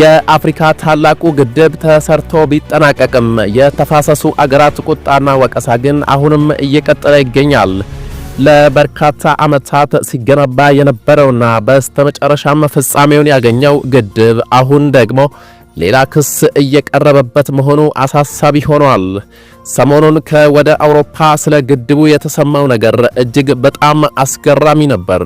የአፍሪካ ታላቁ ግድብ ተሰርቶ ቢጠናቀቅም የተፋሰሱ አገራት ቁጣና ወቀሳ ግን አሁንም እየቀጠለ ይገኛል። ለበርካታ ዓመታት ሲገነባ የነበረውና በስተመጨረሻም ፍጻሜውን ያገኘው ግድብ አሁን ደግሞ ሌላ ክስ እየቀረበበት መሆኑ አሳሳቢ ሆኗል። ሰሞኑን ከወደ አውሮፓ ስለ ግድቡ የተሰማው ነገር እጅግ በጣም አስገራሚ ነበር።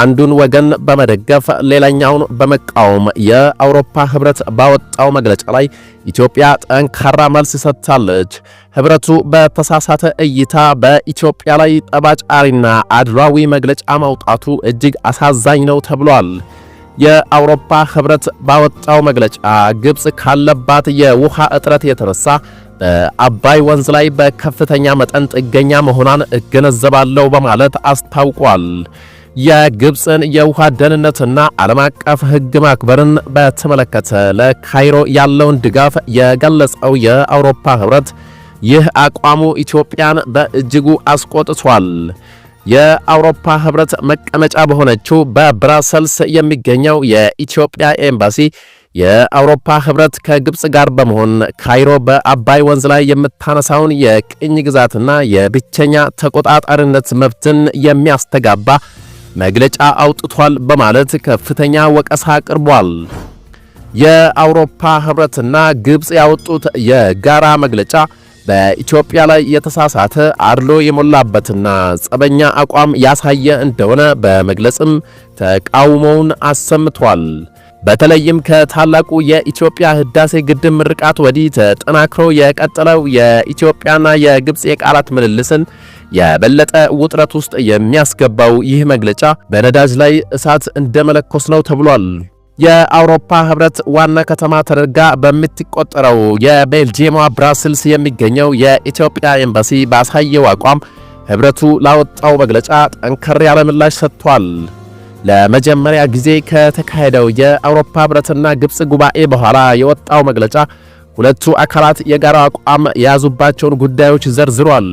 አንዱን ወገን በመደገፍ ሌላኛውን በመቃወም የአውሮፓ ህብረት ባወጣው መግለጫ ላይ ኢትዮጵያ ጠንካራ መልስ ሰጥታለች። ህብረቱ በተሳሳተ እይታ በኢትዮጵያ ላይ ጠባጫሪና አድሏዊ መግለጫ ማውጣቱ እጅግ አሳዛኝ ነው ተብሏል። የአውሮፓ ህብረት ባወጣው መግለጫ ግብፅ ካለባት የውሃ እጥረት የተነሳ በአባይ ወንዝ ላይ በከፍተኛ መጠን ጥገኛ መሆኗን እገነዘባለሁ በማለት አስታውቋል። የግብፅን የውሃ ደህንነትና ዓለም አቀፍ ሕግ ማክበርን በተመለከተ ለካይሮ ያለውን ድጋፍ የገለጸው የአውሮፓ ኅብረት ይህ አቋሙ ኢትዮጵያን በእጅጉ አስቆጥቷል። የአውሮፓ ኅብረት መቀመጫ በሆነችው በብራሰልስ የሚገኘው የኢትዮጵያ ኤምባሲ የአውሮፓ ኅብረት ከግብፅ ጋር በመሆን ካይሮ በአባይ ወንዝ ላይ የምታነሳውን የቅኝ ግዛትና የብቸኛ ተቆጣጣሪነት መብትን የሚያስተጋባ መግለጫ አውጥቷል በማለት ከፍተኛ ወቀሳ አቅርቧል። የአውሮፓ ህብረትና ግብፅ ያወጡት የጋራ መግለጫ በኢትዮጵያ ላይ የተሳሳተ አድሎ የሞላበትና ጸበኛ አቋም ያሳየ እንደሆነ በመግለጽም ተቃውሞውን አሰምቷል። በተለይም ከታላቁ የኢትዮጵያ ህዳሴ ግድብ ምርቃት ወዲህ ተጠናክሮ የቀጠለው የኢትዮጵያና የግብፅ የቃላት ምልልስን የበለጠ ውጥረት ውስጥ የሚያስገባው ይህ መግለጫ በነዳጅ ላይ እሳት እንደመለኮስ ነው ተብሏል። የአውሮፓ ህብረት ዋና ከተማ ተደርጋ በምትቆጠረው የቤልጂየሟ ብራስልስ የሚገኘው የኢትዮጵያ ኤምባሲ ባሳየው አቋም ህብረቱ ላወጣው መግለጫ ጠንከር ያለ ምላሽ ሰጥቷል። ለመጀመሪያ ጊዜ ከተካሄደው የአውሮፓ ህብረትና ግብፅ ጉባኤ በኋላ የወጣው መግለጫ ሁለቱ አካላት የጋራ አቋም የያዙባቸውን ጉዳዮች ዘርዝሯል።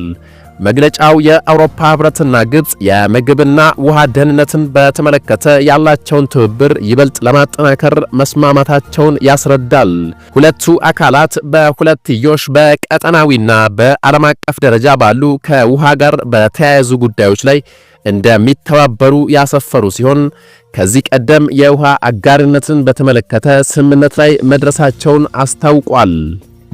መግለጫው የአውሮፓ ህብረትና ግብፅ የምግብና ውሃ ደህንነትን በተመለከተ ያላቸውን ትብብር ይበልጥ ለማጠናከር መስማማታቸውን ያስረዳል። ሁለቱ አካላት በሁለትዮሽ በቀጠናዊና በዓለም አቀፍ ደረጃ ባሉ ከውሃ ጋር በተያያዙ ጉዳዮች ላይ እንደሚተባበሩ ያሰፈሩ ሲሆን ከዚህ ቀደም የውሃ አጋርነትን በተመለከተ ስምምነት ላይ መድረሳቸውን አስታውቋል።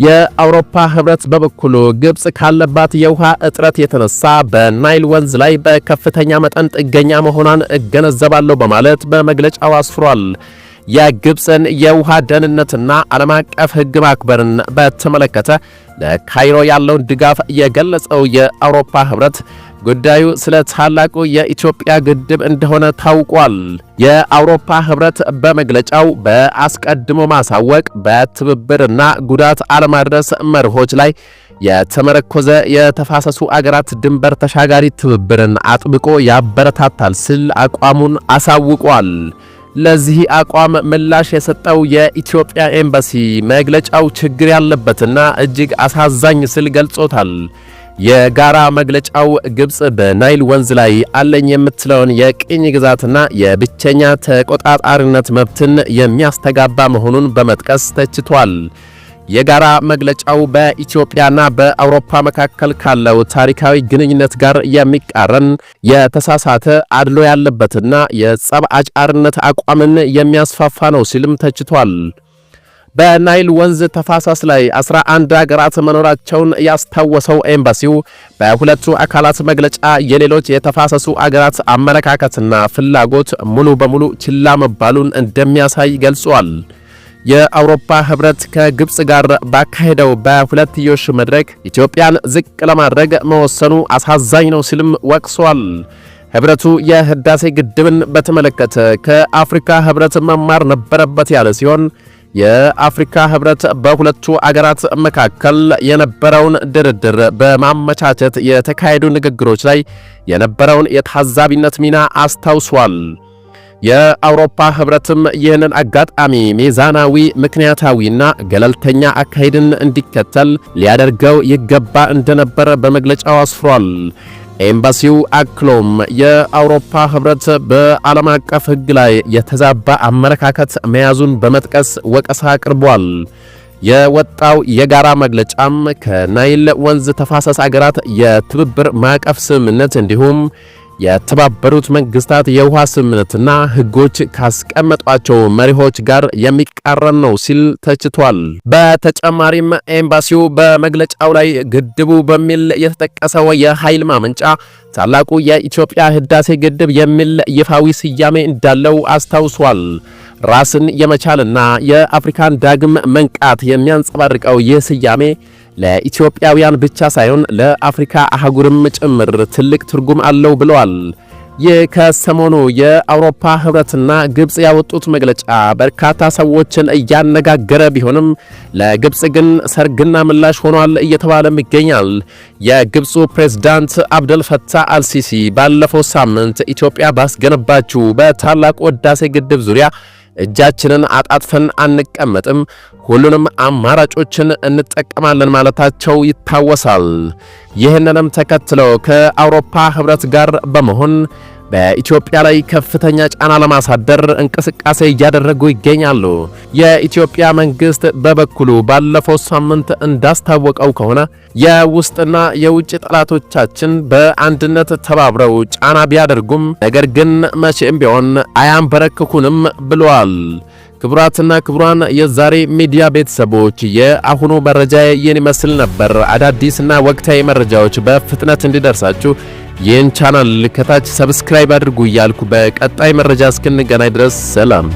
የአውሮፓ ህብረት በበኩሉ ግብጽ ካለባት የውሃ እጥረት የተነሳ በናይል ወንዝ ላይ በከፍተኛ መጠን ጥገኛ መሆኗን እገነዘባለሁ በማለት በመግለጫው አስፍሯል። የግብፅን የውሃ ደህንነትና ዓለም አቀፍ ሕግ ማክበርን በተመለከተ ለካይሮ ያለውን ድጋፍ የገለጸው የአውሮፓ ኅብረት ጉዳዩ ስለ ታላቁ የኢትዮጵያ ግድብ እንደሆነ ታውቋል። የአውሮፓ ኅብረት በመግለጫው በአስቀድሞ ማሳወቅ፣ በትብብርና ጉዳት አለማድረስ መርሆች ላይ የተመረኮዘ የተፋሰሱ አገራት ድንበር ተሻጋሪ ትብብርን አጥብቆ ያበረታታል ሲል አቋሙን አሳውቋል። ለዚህ አቋም ምላሽ የሰጠው የኢትዮጵያ ኤምባሲ መግለጫው ችግር ያለበትና እጅግ አሳዛኝ ስል ገልጾታል። የጋራ መግለጫው ግብጽ በናይል ወንዝ ላይ አለኝ የምትለውን የቅኝ ግዛትና የብቸኛ ተቆጣጣሪነት መብትን የሚያስተጋባ መሆኑን በመጥቀስ ተችቷል። የጋራ መግለጫው በኢትዮጵያና በአውሮፓ መካከል ካለው ታሪካዊ ግንኙነት ጋር የሚቃረን የተሳሳተ አድሎ ያለበትና የጸብ አጫርነት አቋምን የሚያስፋፋ ነው ሲልም ተችቷል። በናይል ወንዝ ተፋሳስ ላይ 11 ሀገራት መኖራቸውን ያስታወሰው ኤምባሲው በሁለቱ አካላት መግለጫ የሌሎች የተፋሰሱ አገራት አመለካከትና ፍላጎት ሙሉ በሙሉ ችላ መባሉን እንደሚያሳይ ገልጿል። የአውሮፓ ህብረት ከግብጽ ጋር ባካሄደው በሁለትዮሽ መድረክ ኢትዮጵያን ዝቅ ለማድረግ መወሰኑ አሳዛኝ ነው ሲልም ወቅሷል። ህብረቱ የህዳሴ ግድብን በተመለከተ ከአፍሪካ ህብረት መማር ነበረበት ያለ ሲሆን የአፍሪካ ህብረት በሁለቱ አገራት መካከል የነበረውን ድርድር በማመቻቸት የተካሄዱ ንግግሮች ላይ የነበረውን የታዛቢነት ሚና አስታውሷል። የአውሮፓ ህብረትም ይህንን አጋጣሚ ሚዛናዊ፣ ምክንያታዊና ገለልተኛ አካሄድን እንዲከተል ሊያደርገው ይገባ እንደነበረ በመግለጫው አስፍሯል። ኤምባሲው አክሎም የአውሮፓ ህብረት በዓለም አቀፍ ህግ ላይ የተዛባ አመለካከት መያዙን በመጥቀስ ወቀሳ አቅርቧል። የወጣው የጋራ መግለጫም ከናይል ወንዝ ተፋሰስ አገራት የትብብር ማዕቀፍ ስምምነት እንዲሁም የተባበሩት መንግስታት የውሃ ስምምነትና ህጎች ካስቀመጧቸው መሪሆች ጋር የሚቃረን ነው ሲል ተችቷል። በተጨማሪም ኤምባሲው በመግለጫው ላይ ግድቡ በሚል የተጠቀሰው የኃይል ማመንጫ ታላቁ የኢትዮጵያ ህዳሴ ግድብ የሚል ይፋዊ ስያሜ እንዳለው አስታውሷል። ራስን የመቻልና የአፍሪካን ዳግም መንቃት የሚያንጸባርቀው ይህ ስያሜ ለኢትዮጵያውያን ብቻ ሳይሆን ለአፍሪካ አህጉርም ጭምር ትልቅ ትርጉም አለው ብለዋል። ይህ ከሰሞኑ የአውሮፓ ህብረትና ግብፅ ያወጡት መግለጫ በርካታ ሰዎችን እያነጋገረ ቢሆንም ለግብፅ ግን ሰርግና ምላሽ ሆኗል እየተባለም ይገኛል። የግብፁ ፕሬዝዳንት አብደልፈታህ አልሲሲ ባለፈው ሳምንት ኢትዮጵያ ባስገነባችው በታላቁ ህዳሴ ግድብ ዙሪያ እጃችንን አጣጥፈን አንቀመጥም፣ ሁሉንም አማራጮችን እንጠቀማለን ማለታቸው ይታወሳል። ይህንንም ተከትለው ከአውሮፓ ኅብረት ጋር በመሆን በኢትዮጵያ ላይ ከፍተኛ ጫና ለማሳደር እንቅስቃሴ እያደረጉ ይገኛሉ። የኢትዮጵያ መንግስት በበኩሉ ባለፈው ሳምንት እንዳስታወቀው ከሆነ የውስጥና የውጭ ጠላቶቻችን በአንድነት ተባብረው ጫና ቢያደርጉም ነገር ግን መቼም ቢሆን አያንበረክኩንም ብለዋል። ክቡራትና ክቡራን የዛሬ ሚዲያ ቤተሰቦች የአሁኑ መረጃ ይህን ይመስል ነበር። አዳዲስና ወቅታዊ መረጃዎች በፍጥነት እንዲደርሳችሁ ይህን ቻናል ከታች ሰብስክራይብ አድርጉ እያልኩ በቀጣይ መረጃ እስክንገናኝ ድረስ ሰላም።